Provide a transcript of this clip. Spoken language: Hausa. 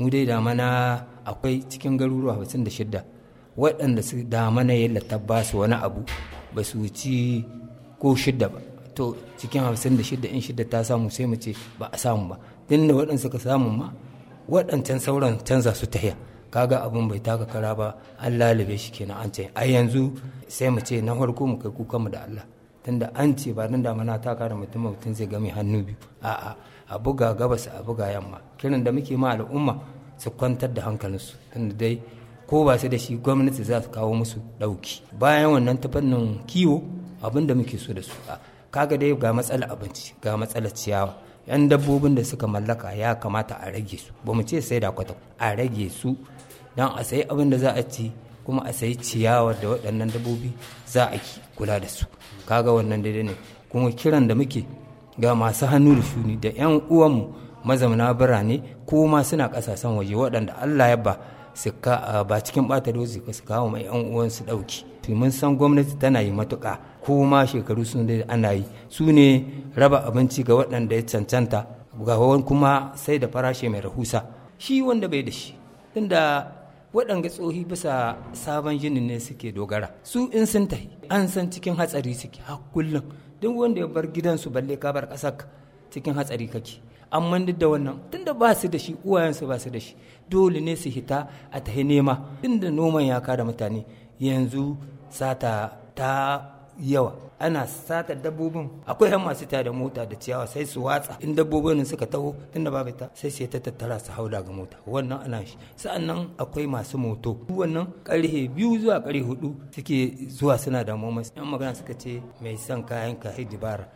mu dai damana akwai cikin garuruwa hamsin da shidda waɗanda su damana ya latabba su wani abu ba su ci ko shidda ba to cikin hamsin da shidda in shidda ta samu sai mu ce ba a samu ba din da waɗanda suka samu ma waɗancan sauran canza su tahiya kaga abin bai taka kara ba an lalube shi kenan an ce ai yanzu sai mu ce na farko mu kai kukanmu da Allah tunda an ce ba nan damana ta kare mutum mutum zai gami hannu biyu a'a a buga gabas a buga yamma kiran da muke ma al'umma su kwantar da hankalinsu tunda dai ko ba su da shi gwamnati za su kawo musu ɗauki bayan wannan ta fannin kiwo abin da muke so da su kaga dai ga matsalar abinci ga matsalar ciyawa yan dabbobin da suka mallaka ya kamata a rage su ba mu ce sai da kwata a rage su don a sayi abin da za a ci kuma a sayi ciyawar da waɗannan dabbobi za a kula da su kaga wannan daidai ne kuma kiran da muke ga masu hannu da shuni da 'yan uwanmu mazauna birane ko ma suna ƙasashen waje waɗanda allah ya ba su ba cikin ɓata dozi su kawo mai 'yan uwansu ɗauki mun san gwamnati tana yi matuƙa ko ma shekaru sun da ana yi su ne raba abinci ga waɗanda ya cancanta ga kuma sai da farashi mai rahusa shi wanda bai da shi tunda waɗanda tsohi bisa sabon jinin ne suke dogara su in sun tafi. an san cikin hatsari suke har kullum duk wanda ya bar gidansu balle ka bar ƙasar cikin hatsari kake amma duk da wannan tunda ba su da shi uwayensu ba su da shi dole ne su hita a tahi nema tunda noman ya kada mutane yanzu sata ta yawa ana sata dabbobin akwai yan masu da mota da ciyawa sai su watsa in dabbobin suka taho tunda babu ta sai sai ta tattara su hauda ga mota wannan ana shi sa'annan akwai masu moto wannan karhe biyu zuwa karhe hudu suke zuwa suna da momas yan magana suka ce mai son kayan ka dibara.